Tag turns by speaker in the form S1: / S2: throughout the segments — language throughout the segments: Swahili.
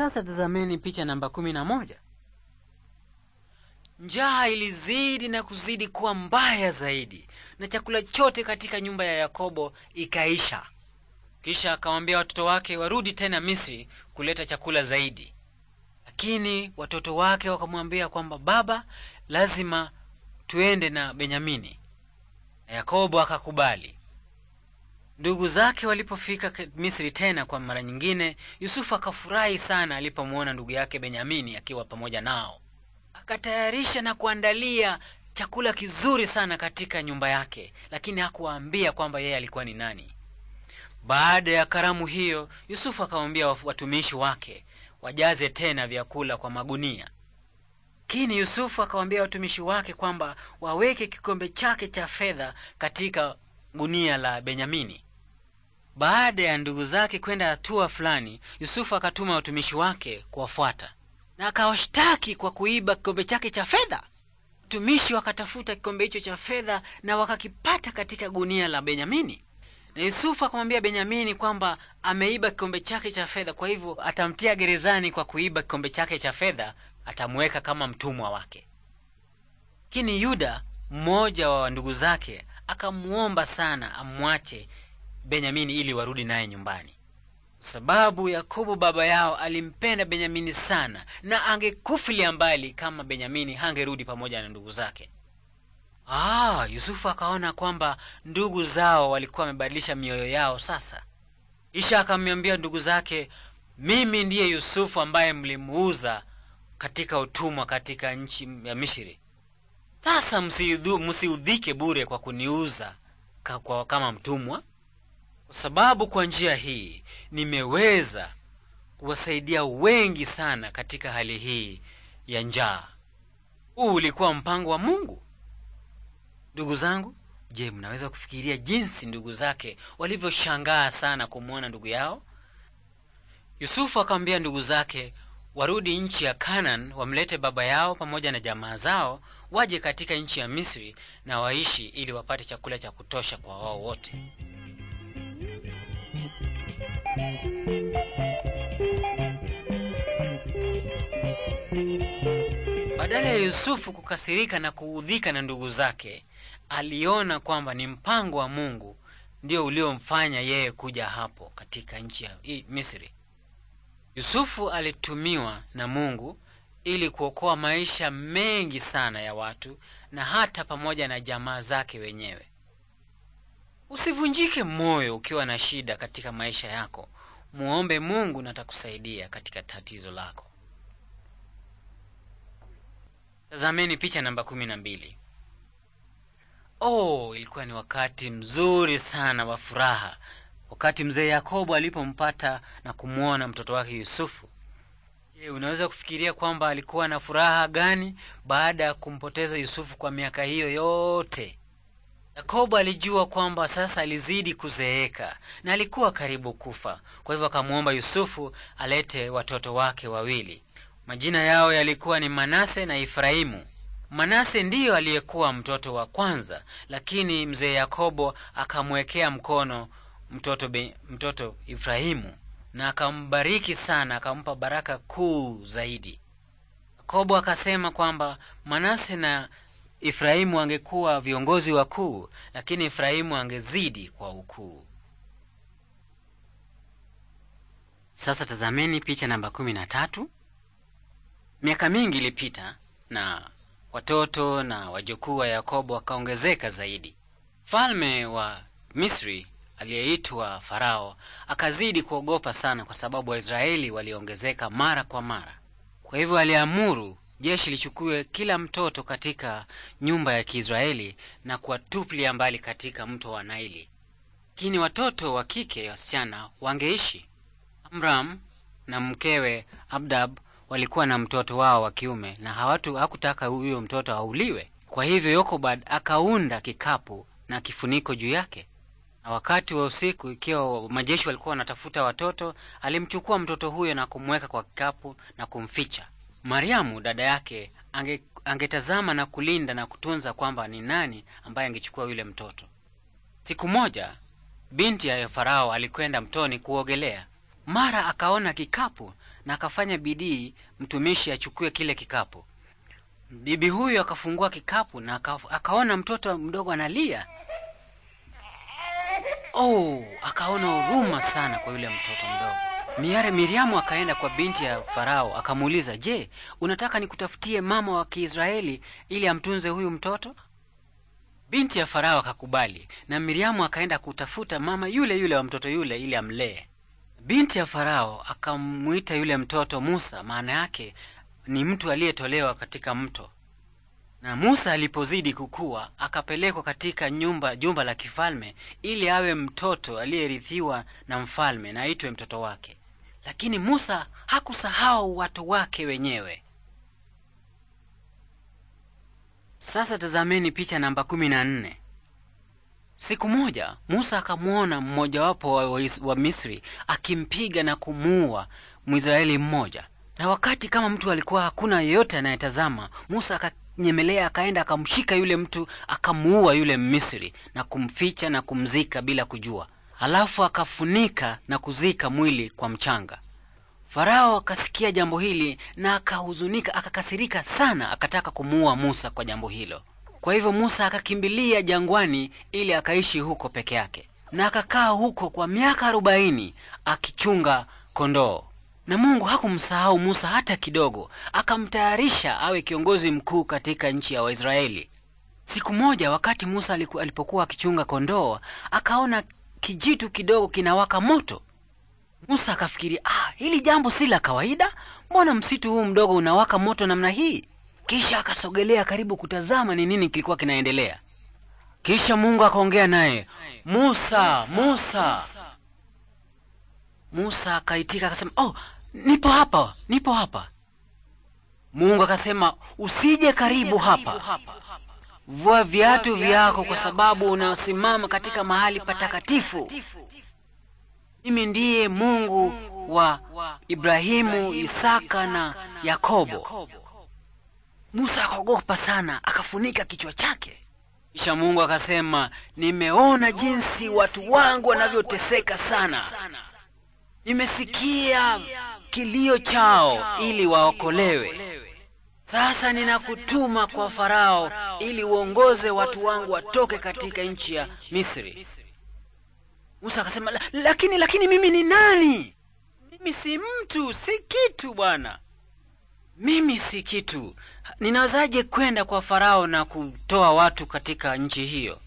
S1: Sasa tazameni picha namba kumi na moja. Njaa ilizidi na kuzidi kuwa mbaya zaidi, na chakula chote katika nyumba ya Yakobo ikaisha. Kisha akawaambia watoto wake warudi tena Misri kuleta chakula zaidi, lakini watoto wake wakamwambia kwamba baba, lazima tuende na Benyamini, na Yakobo akakubali. Ndugu zake walipofika Misri tena kwa mara nyingine, Yusufu akafurahi sana alipomwona ndugu yake Benyamini akiwa pamoja nao. Akatayarisha na kuandalia chakula kizuri sana katika nyumba yake, lakini hakuwaambia kwamba yeye alikuwa ni nani. Baada ya karamu hiyo, Yusufu akawaambia watumishi wake wajaze tena vyakula kwa magunia. Lakini Yusufu akawaambia watumishi wake kwamba waweke kikombe chake cha fedha katika gunia la Benyamini. Baada ya ndugu zake kwenda hatua fulani, Yusufu akatuma watumishi wake kuwafuata na akawashtaki kwa kuiba kikombe chake cha fedha. Watumishi wakatafuta kikombe hicho cha fedha na wakakipata katika gunia la Benyamini, na Yusufu akamwambia Benyamini kwamba ameiba kikombe chake cha fedha, kwa hivyo atamtia gerezani kwa kuiba kikombe chake cha fedha, atamuweka kama mtumwa wake. Lakini Yuda, mmoja wa ndugu zake, akamuomba sana amwache Benyamini ili warudi naye nyumbani, sababu Yakobo baba yao alimpenda Benyamini sana na angekufilia mbali kama Benyamini hangerudi pamoja na ndugu zake. Ah, Yusufu akaona kwamba ndugu zao walikuwa wamebadilisha mioyo yao sasa. Kisha akamwambia ndugu zake, mimi ndiye Yusufu ambaye mlimuuza katika utumwa katika nchi ya Misri. Sasa msiudhike bure kwa kuniuza kama mtumwa, kwa sababu kwa njia hii nimeweza kuwasaidia wengi sana katika hali hii ya njaa. Huu ulikuwa mpango wa Mungu. Ndugu zangu, je, mnaweza kufikiria jinsi ndugu zake walivyoshangaa sana kumwona ndugu yao? Yusufu akamwambia ndugu zake warudi nchi ya Kanaan, wamlete baba yao pamoja na jamaa zao, waje katika nchi ya Misri na waishi, ili wapate chakula cha kutosha kwa wao wote. Badala ya Yusufu kukasirika na kuudhika na ndugu zake, aliona kwamba ni mpango wa Mungu ndio uliomfanya yeye kuja hapo katika nchi ya Misri. Yusufu alitumiwa na Mungu ili kuokoa maisha mengi sana ya watu na hata pamoja na jamaa zake wenyewe. Usivunjike moyo ukiwa na shida katika maisha yako. Muombe Mungu na atakusaidia katika tatizo lako. Tazameni picha namba kumi na mbili. Oh, ilikuwa ni wakati mzuri sana wa furaha wakati mzee Yakobo alipompata na kumwona mtoto wake Yusufu. Je, unaweza kufikiria kwamba alikuwa na furaha gani baada ya kumpoteza Yusufu kwa miaka hiyo yote? Yakobo alijua kwamba sasa alizidi kuzeeka na alikuwa karibu kufa. Kwa hivyo akamwomba Yusufu alete watoto wake wawili. Majina yao yalikuwa ni Manase na Efraimu. Manase ndiyo aliyekuwa mtoto wa kwanza, lakini mzee Yakobo akamwekea mkono mtoto, be, mtoto Efraimu na akambariki sana, akampa baraka kuu zaidi. Yakobo akasema kwamba Manase na Efraimu angekuwa viongozi wakuu, lakini Efraimu angezidi kwa ukuu. Sasa tazameni picha namba kumi na tatu. Miaka mingi ilipita na watoto na wajukuu wa Yakobo wakaongezeka zaidi. Mfalme wa Misri aliyeitwa Farao akazidi kuogopa sana kwa sababu Waisraeli waliongezeka mara kwa mara. Kwa hivyo aliamuru jeshi lichukue kila mtoto katika nyumba ya Kiisraeli na kuwatupilia mbali katika mto wa Naili. Lakini watoto wa kike wasichana wangeishi. Amram na mkewe Abdab walikuwa na mtoto wao wa kiume na hawatu hakutaka huyo mtoto auliwe. Kwa hivyo Yokobad akaunda kikapu na kifuniko juu yake, na wakati wa usiku, ikiwa majeshi walikuwa wanatafuta watoto, alimchukua mtoto huyo na kumweka kwa kikapu na kumficha. Mariamu dada yake ange, angetazama na kulinda na kutunza kwamba ni nani ambaye angechukua yule mtoto. Siku moja binti ya Farao alikwenda mtoni kuogelea, mara akaona kikapu na akafanya bidii mtumishi achukue kile kikapu. Bibi huyu akafungua kikapu na akaona mtoto mdogo analia. Oh, akaona huruma sana kwa yule mtoto mdogo. Miare Miriamu akaenda kwa binti ya Farao akamuuliza, "Je, unataka nikutafutie mama wa Kiisraeli ili amtunze huyu mtoto?" Binti ya Farao akakubali, na Miriamu akaenda kutafuta mama yule yule wa mtoto yule ili amlee. Binti ya Farao akamwita yule mtoto Musa, maana yake ni mtu aliyetolewa katika mto. Na Musa alipozidi kukua akapelekwa katika nyumba jumba la kifalme ili awe mtoto aliyerithiwa na mfalme na aitwe mtoto wake. Lakini Musa hakusahau watu wake wenyewe. Sasa tazameni picha namba kumi na nne. Siku moja Musa akamwona mmojawapo wa, wa, wa Misri akimpiga na kumuua Mwisraeli mmoja, na wakati kama mtu alikuwa hakuna yeyote anayetazama, Musa akanyemelea, akaenda akamshika yule mtu, akamuua yule Misri na kumficha na kumzika bila kujua, alafu akafunika na kuzika mwili kwa mchanga. Farao akasikia jambo hili na akahuzunika, akakasirika sana, akataka kumuua Musa kwa jambo hilo. Kwa hivyo Musa akakimbilia jangwani ili akaishi huko peke yake, na akakaa huko kwa miaka arobaini akichunga kondoo. Na Mungu hakumsahau Musa hata kidogo, akamtayarisha awe kiongozi mkuu katika nchi ya Waisraeli. Siku moja wakati Musa alipokuwa akichunga kondoo, akaona kijitu kidogo kinawaka moto. Musa akafikiri, ah, hili jambo si la kawaida. Mbona msitu huu mdogo unawaka moto namna hii? Kisha akasogelea karibu kutazama ni nini kilikuwa kinaendelea. Kisha Mungu akaongea naye, Musa, Musa. Musa akaitika akasema, oh, nipo hapa, nipo hapa. Mungu akasema, usije karibu hapa, vua viatu vyako, kwa sababu unasimama katika mahali patakatifu. Mimi ndiye Mungu wa Ibrahimu, Isaka na Yakobo. Musa akaogopa sana, akafunika kichwa chake. Kisha Mungu akasema, nimeona jinsi watu wangu wanavyoteseka sana, nimesikia kilio chao ili waokolewe. Sasa ninakutuma kwa Farao ili uongoze watu wangu watoke katika nchi ya Misri. Musa akasema, lakini lakini mimi ni nani? Mimi si mtu, si kitu. Bwana, mimi si kitu ninawezaje kwenda kwa Farao na kutoa watu katika nchi hiyo?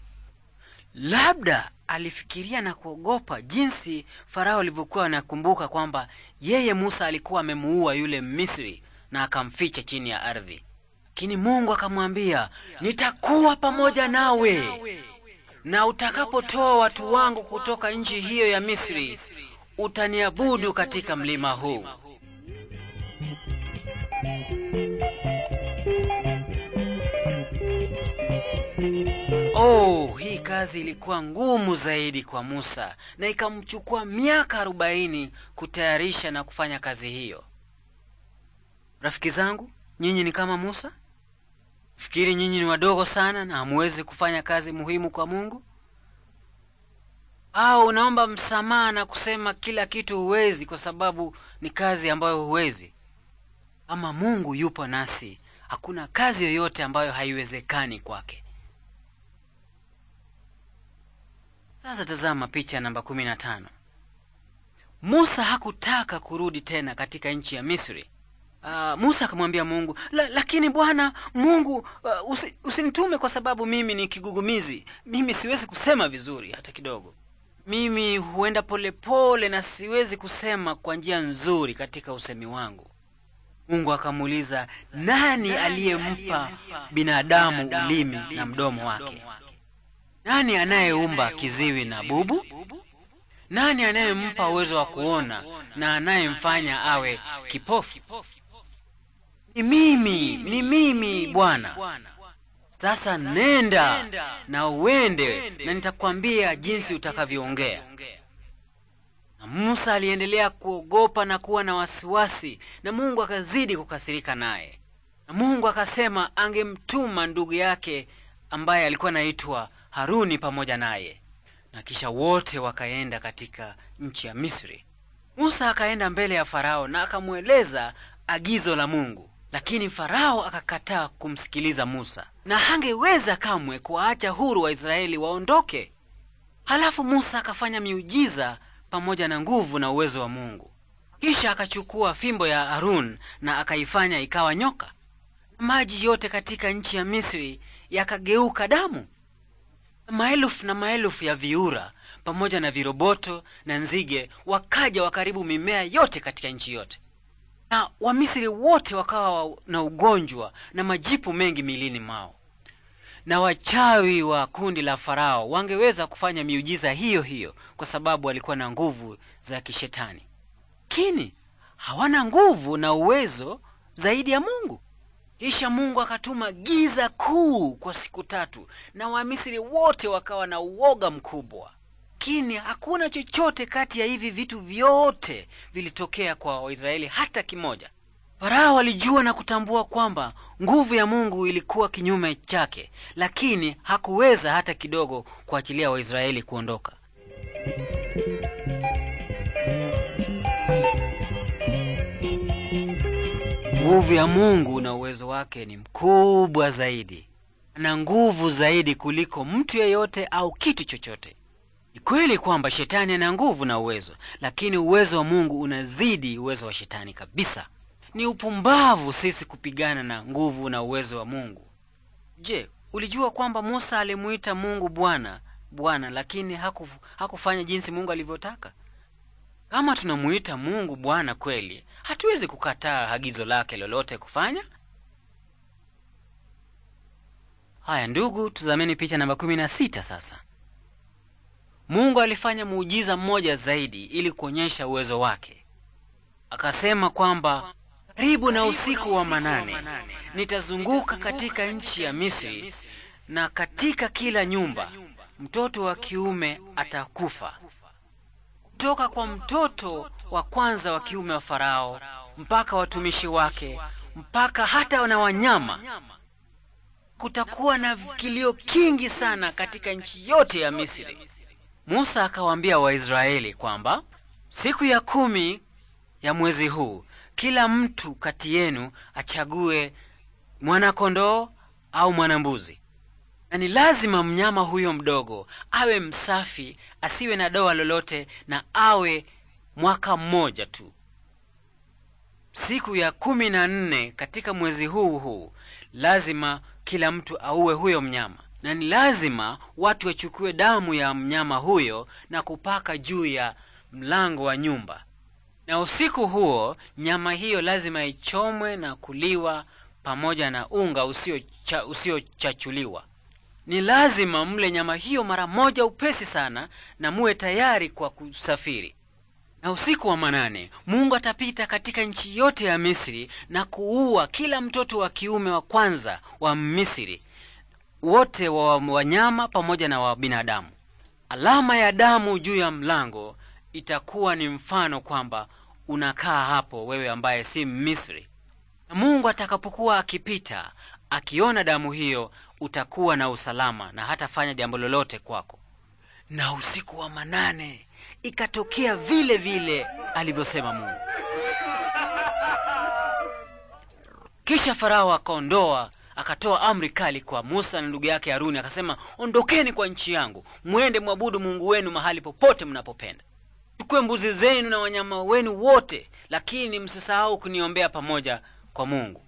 S1: Labda alifikiria na kuogopa jinsi Farao alivyokuwa anakumbuka kwamba yeye Musa alikuwa amemuua yule Misri na akamficha chini ya ardhi. Lakini Mungu akamwambia, nitakuwa pamoja nawe na utakapotoa watu wangu kutoka nchi hiyo ya Misri utaniabudu katika mlima huu. Oh, hii kazi ilikuwa ngumu zaidi kwa Musa na ikamchukua miaka arobaini kutayarisha na kufanya kazi hiyo. Rafiki zangu, nyinyi ni kama Musa? Fikiri nyinyi ni wadogo sana na hamuwezi kufanya kazi muhimu kwa Mungu? Au unaomba msamaha na kusema kila kitu huwezi kwa sababu ni kazi ambayo huwezi? Ama Mungu yupo nasi, hakuna kazi yoyote ambayo haiwezekani kwake. Sasa tazama picha namba kumi na tano. Musa hakutaka kurudi tena katika nchi ya Misri. Uh, Musa akamwambia Mungu la, lakini Bwana Mungu uh, usi, usinitume kwa sababu mimi ni kigugumizi, mimi siwezi kusema vizuri hata kidogo, mimi huenda polepole pole na siwezi kusema kwa njia nzuri katika usemi wangu. Mungu akamuuliza, nani aliyempa binadamu ulimi na mdomo wake? Nani anayeumba kiziwi na bubu? Nani anayempa uwezo wa kuona na anayemfanya awe kipofu? Ni mimi, ni mimi Bwana. Sasa nenda na uende, na nitakwambia jinsi utakavyoongea. Na Musa aliendelea kuogopa na kuwa na wasiwasi, na Mungu akazidi kukasirika naye, na Mungu akasema angemtuma ndugu yake ambaye alikuwa anaitwa Haruni pamoja naye, na kisha wote wakaenda katika nchi ya Misri. Musa akaenda mbele ya Farao na akamweleza agizo la Mungu, lakini Farao akakataa kumsikiliza Musa na hangeweza kamwe kuwaacha huru Waisraeli waondoke. Halafu Musa akafanya miujiza pamoja na nguvu na uwezo wa Mungu. Kisha akachukua fimbo ya Harun na akaifanya ikawa nyoka. Maji yote katika nchi ya Misri yakageuka damu. Maelfu na maelfu ya viura pamoja na viroboto na nzige wakaja wakaribu mimea yote katika nchi yote, na Wamisri wote wakawa na ugonjwa na majipu mengi milini mao. Na wachawi wa kundi la Farao wangeweza kufanya miujiza hiyo hiyo, kwa sababu walikuwa na nguvu za kishetani, lakini hawana nguvu na uwezo zaidi ya Mungu. Kisha Mungu akatuma giza kuu kwa siku tatu, na Wamisri wote wakawa na uoga mkubwa. Lakini hakuna chochote kati ya hivi vitu vyote vilitokea kwa Waisraeli hata kimoja. Farao alijua na kutambua kwamba nguvu ya Mungu ilikuwa kinyume chake, lakini hakuweza hata kidogo kuachilia Waisraeli kuondoka. Nguvu ya Mungu uwezo wake ni mkubwa zaidi, ana nguvu zaidi kuliko mtu yeyote au kitu chochote. Ni kweli kwamba shetani ana nguvu na uwezo, lakini uwezo wa Mungu unazidi uwezo wa shetani kabisa. Ni upumbavu sisi kupigana na nguvu na uwezo wa Mungu. Je, ulijua kwamba Musa alimuita Mungu Bwana Bwana, lakini haku, hakufanya jinsi Mungu alivyotaka? Kama tunamuita Mungu Bwana kweli, hatuwezi kukataa agizo lake lolote kufanya Haya ndugu, tuzameni picha namba kumi na sita sasa. Mungu alifanya muujiza mmoja zaidi ili kuonyesha uwezo wake. Akasema kwamba karibu na usiku wa manane nitazunguka katika nchi ya Misri, na katika kila nyumba mtoto wa kiume atakufa, kutoka kwa mtoto wa kwanza wa kiume wa Farao mpaka watumishi wake, mpaka hata na wanyama kutakuwa na kilio kingi sana katika nchi yote ya Misri. Musa akawaambia Waisraeli kwamba siku ya kumi ya mwezi huu kila mtu kati yenu achague mwanakondoo au mwanambuzi, na ni lazima mnyama huyo mdogo awe msafi, asiwe na doa lolote, na awe mwaka mmoja tu. Siku ya kumi na nne katika mwezi huu huu lazima kila mtu auwe huyo mnyama, na ni lazima watu wachukue damu ya mnyama huyo na kupaka juu ya mlango wa nyumba, na usiku huo nyama hiyo lazima ichomwe na kuliwa pamoja na unga usiochachuliwa usio ni lazima mle nyama hiyo mara moja upesi sana, na muwe tayari kwa kusafiri. Na usiku wa manane Mungu atapita katika nchi yote ya Misri na kuua kila mtoto wa kiume wa kwanza wa Misri, wote wa wanyama pamoja na wa binadamu. Alama ya damu juu ya mlango itakuwa ni mfano kwamba unakaa hapo wewe ambaye si Misri, na Mungu atakapokuwa akipita akiona damu hiyo, utakuwa na usalama na hatafanya jambo lolote kwako. Na usiku wa manane ikatokea vile vile alivyosema Mungu. Kisha Farao akaondoa akatoa amri kali kwa Musa na ndugu yake Haruni, akasema, ondokeni kwa nchi yangu, mwende mwabudu Mungu wenu mahali popote mnapopenda, chukue mbuzi zenu na wanyama wenu wote, lakini msisahau kuniombea pamoja kwa Mungu.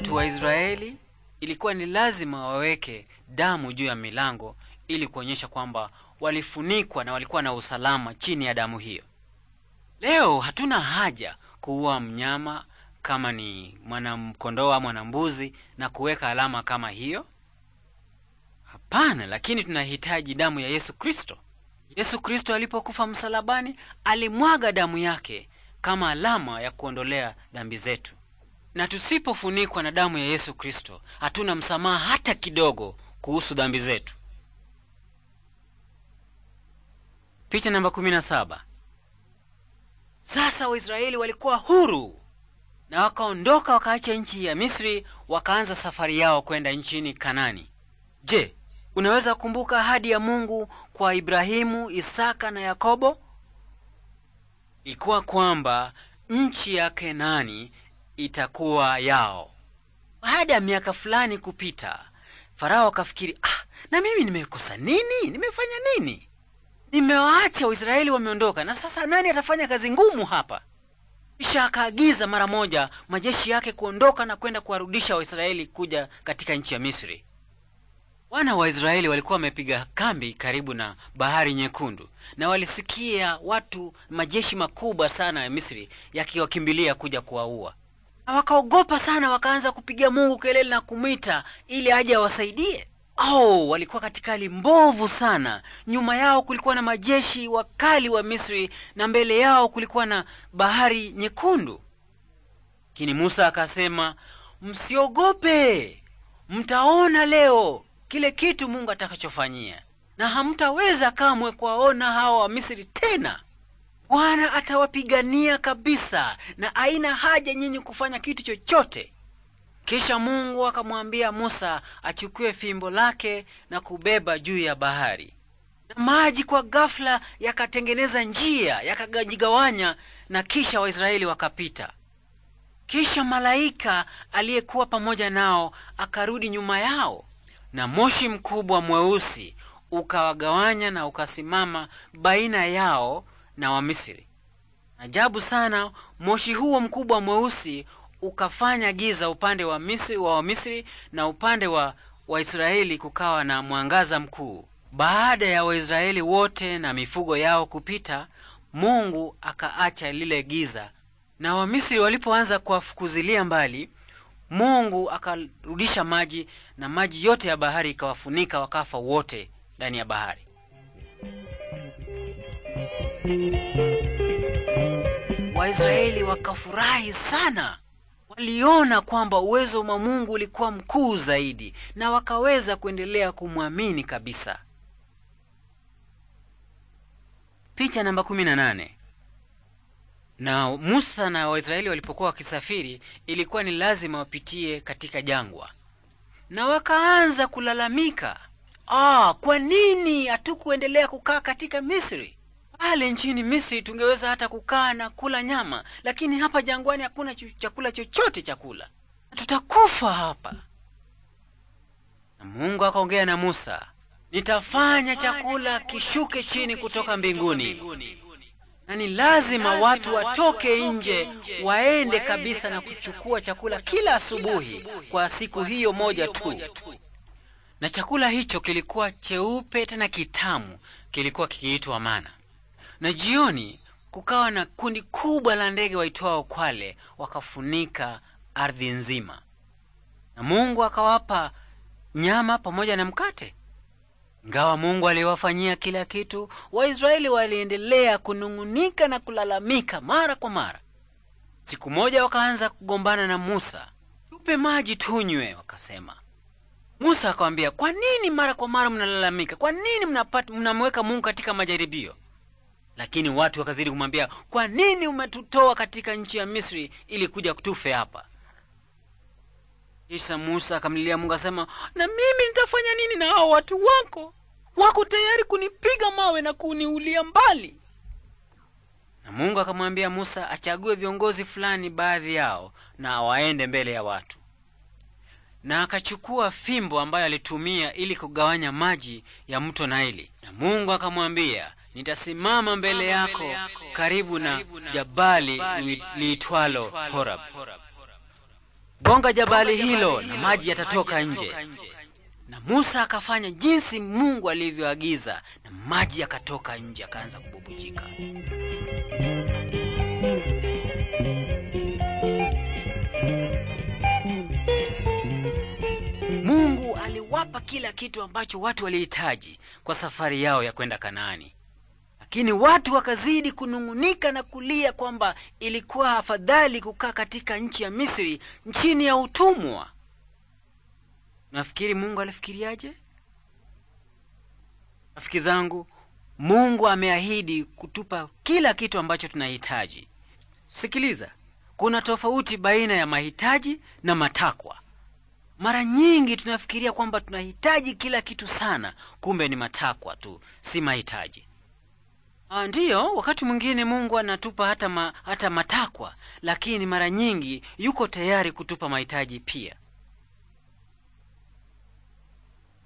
S1: Watu wa Israeli ilikuwa ni lazima waweke damu juu ya milango ili kuonyesha kwamba walifunikwa na walikuwa na usalama chini ya damu hiyo. Leo hatuna haja kuua mnyama kama ni mwanamkondoo au mwanambuzi na kuweka alama kama hiyo. Hapana, lakini tunahitaji damu ya Yesu Kristo. Yesu Kristo alipokufa msalabani, alimwaga damu yake kama alama ya kuondolea dhambi zetu. Na tusipofunikwa na damu ya Yesu Kristo, hatuna msamaha hata kidogo kuhusu dhambi zetu. Picha namba kumi na saba. Sasa Waisraeli walikuwa huru na wakaondoka wakaacha nchi ya Misri, wakaanza safari yao kwenda nchini Kanani. Je, unaweza kukumbuka ahadi ya Mungu kwa Ibrahimu, Isaka na Yakobo? Ilikuwa kwamba nchi ya Kenani itakuwa yao. Baada ya miaka fulani kupita, Farao akafikiri, ah, na mimi nimekosa nini? Nimefanya nini? Nimewaacha Waisraeli wameondoka, na sasa nani atafanya kazi ngumu hapa? Kisha akaagiza mara moja majeshi yake kuondoka na kwenda kuwarudisha Waisraeli kuja katika nchi ya Misri. Wana wa Israeli walikuwa wamepiga kambi karibu na bahari Nyekundu, na walisikia watu majeshi makubwa sana ya Misri yakiwakimbilia kuja kuwaua na wakaogopa sana, wakaanza kupiga Mungu kelele na kumwita ili aje awasaidie. Oh, walikuwa katika hali mbovu sana. Nyuma yao kulikuwa na majeshi wakali wa Misri na mbele yao kulikuwa na bahari nyekundu. Lakini Musa akasema, msiogope, mtaona leo kile kitu Mungu atakachofanyia na hamtaweza kamwe kuwaona hawa Wamisri tena. Bwana atawapigania kabisa na aina haja nyinyi kufanya kitu chochote. Kisha Mungu akamwambia Musa achukue fimbo lake na kubeba juu ya bahari, na maji kwa ghafla yakatengeneza njia, yakajigawanya, na kisha Waisraeli wakapita. Kisha malaika aliyekuwa pamoja nao akarudi nyuma yao, na moshi mkubwa mweusi ukawagawanya na ukasimama baina yao na Wamisri. Ajabu sana, moshi huo mkubwa mweusi ukafanya giza upande wa Misri, wa Wamisri na upande wa Waisraeli kukawa na mwangaza mkuu. Baada ya Waisraeli wote na mifugo yao kupita, Mungu akaacha lile giza, na Wamisri walipoanza kuwafukuzilia mbali, Mungu akarudisha maji na maji yote ya bahari ikawafunika, wakafa wote ndani ya bahari. Waisraeli wakafurahi sana. Waliona kwamba uwezo wa Mungu ulikuwa mkuu zaidi na wakaweza kuendelea kumwamini kabisa. Picha namba Na Musa na Waisraeli walipokuwa wakisafiri, ilikuwa ni lazima wapitie katika jangwa, na wakaanza kulalamika, ah, kwa nini hatukuendelea kukaa katika Misri? Pale nchini Misri tungeweza hata kukaa na kula nyama, lakini hapa jangwani hakuna chakula chochote cha kula, tutakufa hapa. Na Mungu akaongea na Musa, nitafanya chakula kishuke chini kutoka mbinguni, na ni lazima watu watoke nje waende kabisa na kuchukua chakula kila asubuhi kwa siku hiyo moja tu. Na chakula hicho kilikuwa cheupe tena kitamu, kilikuwa kikiitwa mana na jioni kukawa na kundi kubwa la ndege waitwao kwale, wakafunika ardhi nzima, na Mungu akawapa nyama pamoja na mkate. Ingawa Mungu aliwafanyia kila kitu, Waisraeli waliendelea kunung'unika na kulalamika mara kwa mara. Siku moja wakaanza kugombana na Musa, tupe maji tunywe, wakasema. Musa akawambia, kwa nini mara kwa mara mnalalamika? Kwa nini mnamweka Mungu katika majaribio? Lakini watu wakazidi kumwambia, kwa nini umetutoa katika nchi ya Misri ili kuja kutufe hapa? Kisha Musa akamlilia Mungu asema, na mimi nitafanya nini na hao watu wako? Wako tayari kunipiga mawe na kuniulia mbali. Na Mungu akamwambia Musa achague viongozi fulani baadhi yao na waende mbele ya watu. Na akachukua fimbo ambayo alitumia ili kugawanya maji ya mto Naili. Na Mungu akamwambia, nitasimama mbele yako karibu na jabali liitwalo Horab. Gonga jabali hilo na maji yatatoka nje. Na Musa akafanya jinsi Mungu alivyoagiza, na maji yakatoka nje, akaanza kububujika. Mungu aliwapa kila kitu ambacho watu walihitaji kwa safari yao ya kwenda Kanaani lakini watu wakazidi kunung'unika na kulia kwamba ilikuwa afadhali kukaa katika nchi ya Misri, chini ya utumwa. Nafikiri Mungu alifikiriaje? Rafiki zangu, Mungu ameahidi kutupa kila kitu ambacho tunahitaji. Sikiliza, kuna tofauti baina ya mahitaji na matakwa. Mara nyingi tunafikiria kwamba tunahitaji kila kitu sana, kumbe ni matakwa tu, si mahitaji. Ah, Ndiyo, wakati mwingine Mungu anatupa hata, ma, hata matakwa, lakini mara nyingi yuko tayari kutupa mahitaji pia.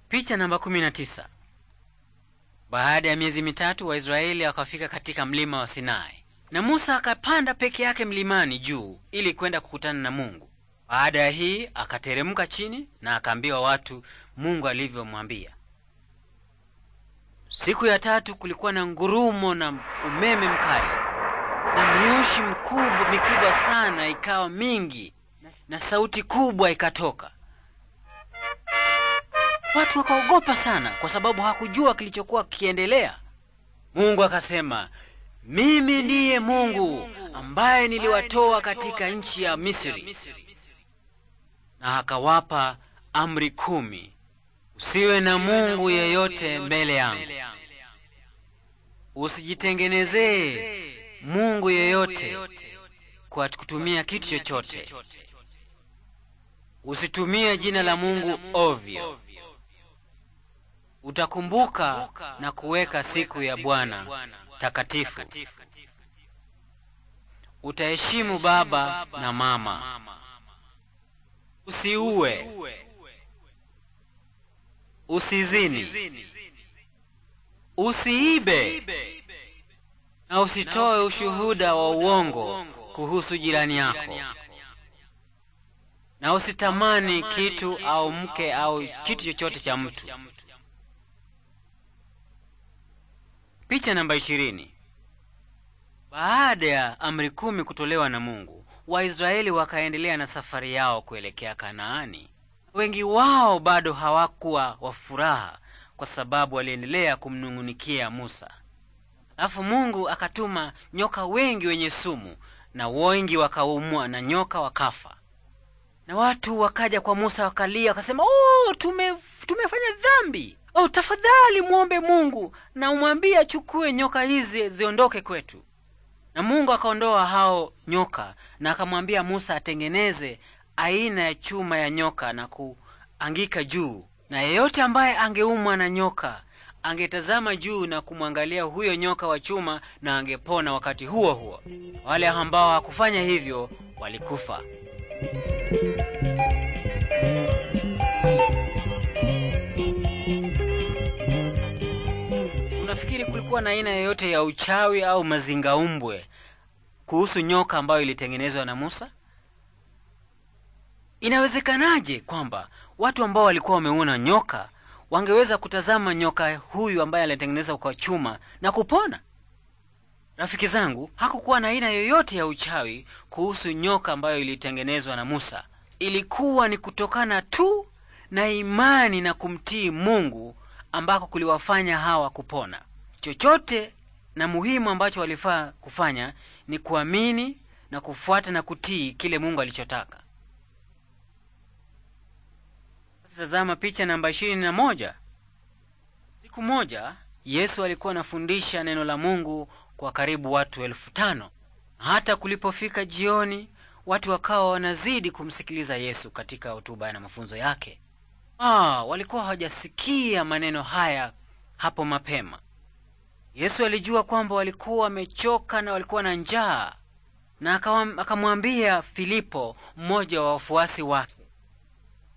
S1: Picha namba kumi na tisa. Baada ya miezi mitatu Waisraeli wakafika katika mlima wa Sinai, na Musa akapanda peke yake mlimani juu ili kwenda kukutana na Mungu. Baada ya hii akateremka chini na akaambiwa watu Mungu alivyomwambia. Siku ya tatu kulikuwa na ngurumo na umeme mkali na miushi mkubwa mikubwa sana ikawa mingi na sauti kubwa ikatoka. Watu wakaogopa sana, kwa sababu hakujua kilichokuwa kikiendelea. Mungu akasema, mimi ndiye Mungu ambaye niliwatoa katika nchi ya Misri, na akawapa amri kumi Usiwe na mungu yeyote mbele yangu. Usijitengenezee mungu yeyote kwa kutumia kitu chochote. Usitumie jina la Mungu ovyo. Utakumbuka na kuweka siku ya Bwana takatifu. Utaheshimu baba na mama.
S2: Usiue. Usizini,
S1: usiibe na usitoe ushuhuda wa uongo kuhusu jirani yako, na usitamani kitu au mke au kitu chochote cha mtu. Picha namba ishirini. Baada ya amri kumi kutolewa na Mungu, Waisraeli wakaendelea na safari yao kuelekea Kanaani wengi wao bado hawakuwa wa furaha kwa sababu waliendelea kumnung'unikia Musa. Alafu Mungu akatuma nyoka wengi wenye sumu, na wengi wakaumwa na nyoka wakafa. Na watu wakaja kwa Musa wakalia, wakasema oh, tume, tumefanya dhambi. Oh, tafadhali mwombe Mungu na umwambie achukue nyoka hizi ziondoke kwetu. Na Mungu akaondoa hao nyoka na akamwambia Musa atengeneze aina ya chuma ya nyoka na kuangika juu, na yeyote ambaye angeumwa na nyoka angetazama juu na kumwangalia huyo nyoka wa chuma na angepona wakati huo huo. Wale ambao hakufanya hivyo walikufa. Unafikiri kulikuwa na aina yoyote ya uchawi au mazingaumbwe kuhusu nyoka ambayo ilitengenezwa na Musa? Inawezekanaje kwamba watu ambao walikuwa wameona nyoka wangeweza kutazama nyoka huyu ambaye alitengeneza kwa chuma na kupona? Rafiki zangu, hakukuwa na aina yoyote ya uchawi kuhusu nyoka ambayo ilitengenezwa na Musa. Ilikuwa ni kutokana tu na imani na kumtii Mungu ambako kuliwafanya hawa kupona. Chochote na muhimu ambacho walifaa kufanya ni kuamini na kufuata na kutii kile Mungu alichotaka. Tazama picha namba ishirini na moja. Siku moja Yesu alikuwa anafundisha neno la Mungu kwa karibu watu elfu tano. Hata kulipofika jioni, watu wakawa wanazidi kumsikiliza Yesu katika hotuba na mafunzo yake. Ah, walikuwa hawajasikia maneno haya hapo mapema. Yesu alijua kwamba walikuwa wamechoka na walikuwa na njaa, na akamwambia Filipo, mmoja wa wafuasi wake,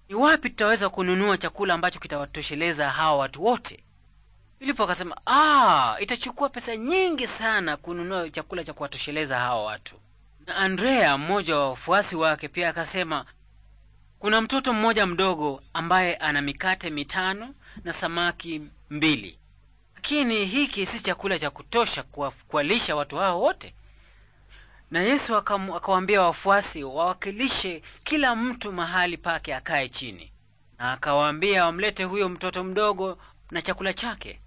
S1: ni wapi tutaweza kununua chakula ambacho kitawatosheleza hawa watu wote? Filipo akasema, ah, itachukua pesa nyingi sana kununua chakula cha kuwatosheleza hawa watu. Na Andrea, mmoja wa wafuasi wake, pia akasema, kuna mtoto mmoja mdogo ambaye ana mikate mitano na samaki mbili, lakini hiki si chakula cha kutosha kuwalisha watu hao wote. Na Yesu akawaambia wafuasi wawakilishe kila mtu mahali pake akae chini, na akawaambia wamlete huyo mtoto mdogo na chakula chake.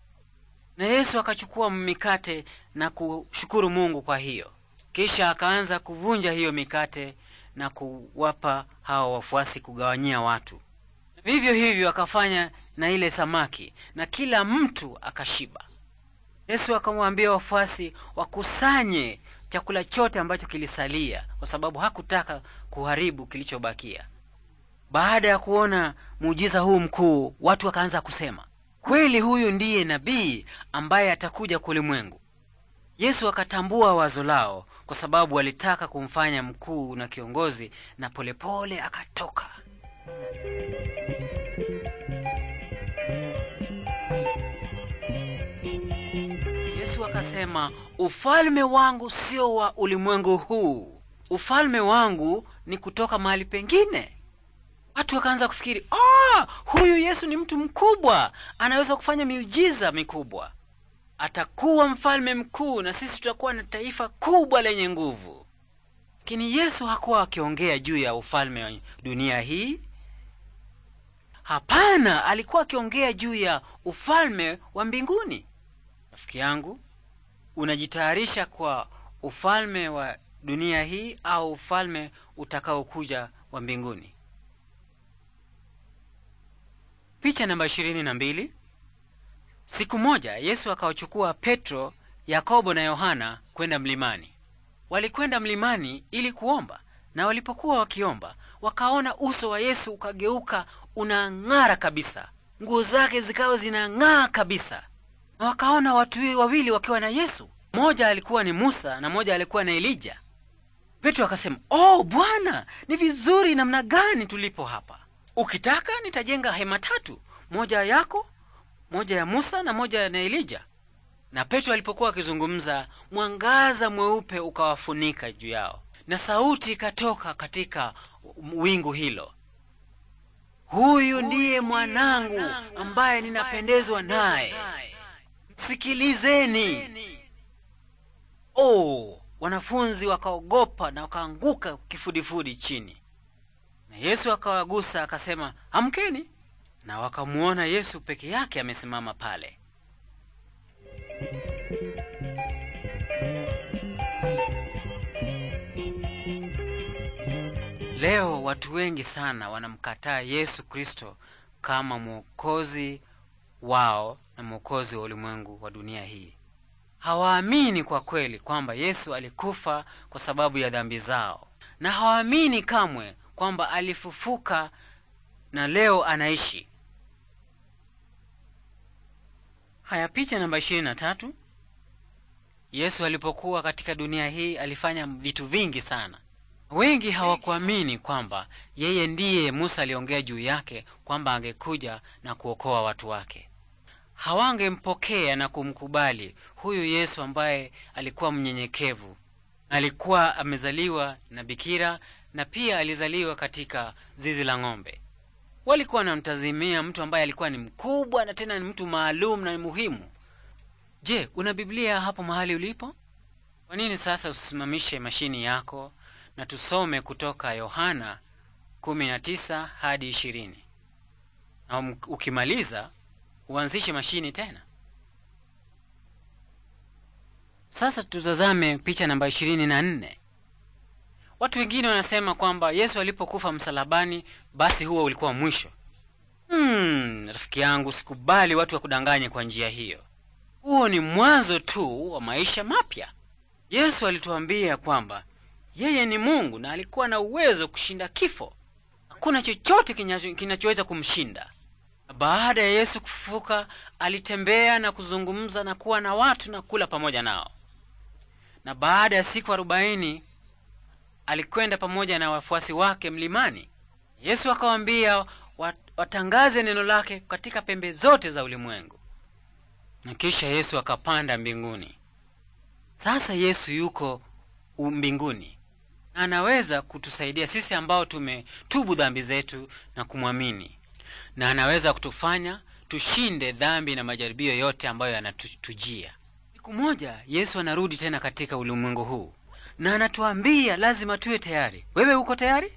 S1: Na Yesu akachukua mikate na kushukuru Mungu kwa hiyo, kisha akaanza kuvunja hiyo mikate na kuwapa hawa wafuasi kugawanyia watu. Vivyo hivyo akafanya na ile samaki, na kila mtu akashiba. Yesu akamwambia wafuasi wakusanye chakula chote ambacho kilisalia, kwa sababu hakutaka kuharibu kilichobakia. Baada ya kuona muujiza huu mkuu, watu wakaanza kusema, kweli huyu ndiye nabii ambaye atakuja kwa ulimwengu. Yesu akatambua wazo lao, kwa sababu walitaka kumfanya mkuu na kiongozi, na polepole akatoka. akasema, ufalme wangu sio wa ulimwengu huu, ufalme wangu ni kutoka mahali pengine. Watu wakaanza kufikiri, oh, huyu Yesu ni mtu mkubwa, anaweza kufanya miujiza mikubwa, atakuwa mfalme mkuu na sisi tutakuwa na taifa kubwa lenye nguvu. Lakini Yesu hakuwa akiongea juu ya ufalme wa dunia hii. Hapana, alikuwa akiongea juu ya ufalme wa mbinguni. Rafiki yangu, unajitayarisha kwa ufalme wa dunia hii au ufalme utakaokuja wa mbinguni. Picha namba ishirini na mbili. Siku moja Yesu akawachukua Petro, Yakobo na Yohana kwenda mlimani. Walikwenda mlimani ili kuomba, na walipokuwa wakiomba wakaona uso wa Yesu ukageuka unang'ara kabisa, nguo zake zikawa zinang'aa kabisa na wakaona watu wawili wakiwa na Yesu. Mmoja alikuwa ni Musa na mmoja alikuwa na Elija. Petro akasema, oh Bwana, ni vizuri namna gani tulipo hapa! Ukitaka nitajenga hema tatu, moja yako, moja ya Musa na moja na Elija. Na Petro alipokuwa akizungumza, mwangaza mweupe ukawafunika juu yao, na sauti ikatoka katika wingu hilo, huyu ndiye mwanangu ambaye ninapendezwa naye sikilizeni. Oh, wanafunzi wakaogopa na wakaanguka kifudifudi chini, na Yesu akawagusa akasema, amkeni, na wakamuona Yesu peke yake amesimama pale. Leo watu wengi sana wanamkataa Yesu Kristo kama mwokozi wao na mwokozi wa ulimwengu wa dunia hii. Hawaamini kwa kweli kwamba Yesu alikufa kwa sababu ya dhambi zao, na hawaamini kamwe kwamba alifufuka na leo anaishi. Haya, picha namba ishirini na tatu. Yesu alipokuwa katika dunia hii alifanya vitu vingi sana. Wengi hawakuamini kwamba yeye ndiye Musa aliongea juu yake kwamba angekuja na kuokoa watu wake hawangempokea na kumkubali huyu Yesu ambaye alikuwa mnyenyekevu. Alikuwa amezaliwa na bikira na pia alizaliwa katika zizi la ng'ombe. Walikuwa wanamtazimia mtu ambaye alikuwa ni mkubwa na tena ni mtu maalum na ni muhimu. Je, una Biblia hapo mahali ulipo? Kwa nini sasa usimamishe mashini yako na tusome kutoka Yohana 19 hadi 20, na um, ukimaliza uanzishe mashini tena. Sasa tutazame picha namba ishirini na nne. Watu wengine wanasema kwamba Yesu alipokufa msalabani, basi huo ulikuwa mwisho. Hmm, rafiki yangu, sikubali watu wakudanganye kwa njia hiyo. Huo ni mwanzo tu wa maisha mapya. Yesu alituambia kwamba yeye ni Mungu na alikuwa na uwezo kushinda kifo. Hakuna chochote kinachoweza kumshinda. Baada ya Yesu kufufuka, alitembea na kuzungumza na kuwa na watu na kula pamoja nao. Na baada ya siku arobaini alikwenda pamoja na wafuasi wake mlimani. Yesu akawaambia watangaze neno lake katika pembe zote za ulimwengu. Na kisha Yesu akapanda mbinguni. Sasa Yesu yuko mbinguni na anaweza kutusaidia sisi ambao tumetubu dhambi zetu na kumwamini na anaweza kutufanya tushinde dhambi na majaribio yote ambayo yanatujia. Siku moja Yesu anarudi tena katika ulimwengu huu na anatuambia lazima tuwe tayari. Wewe uko tayari?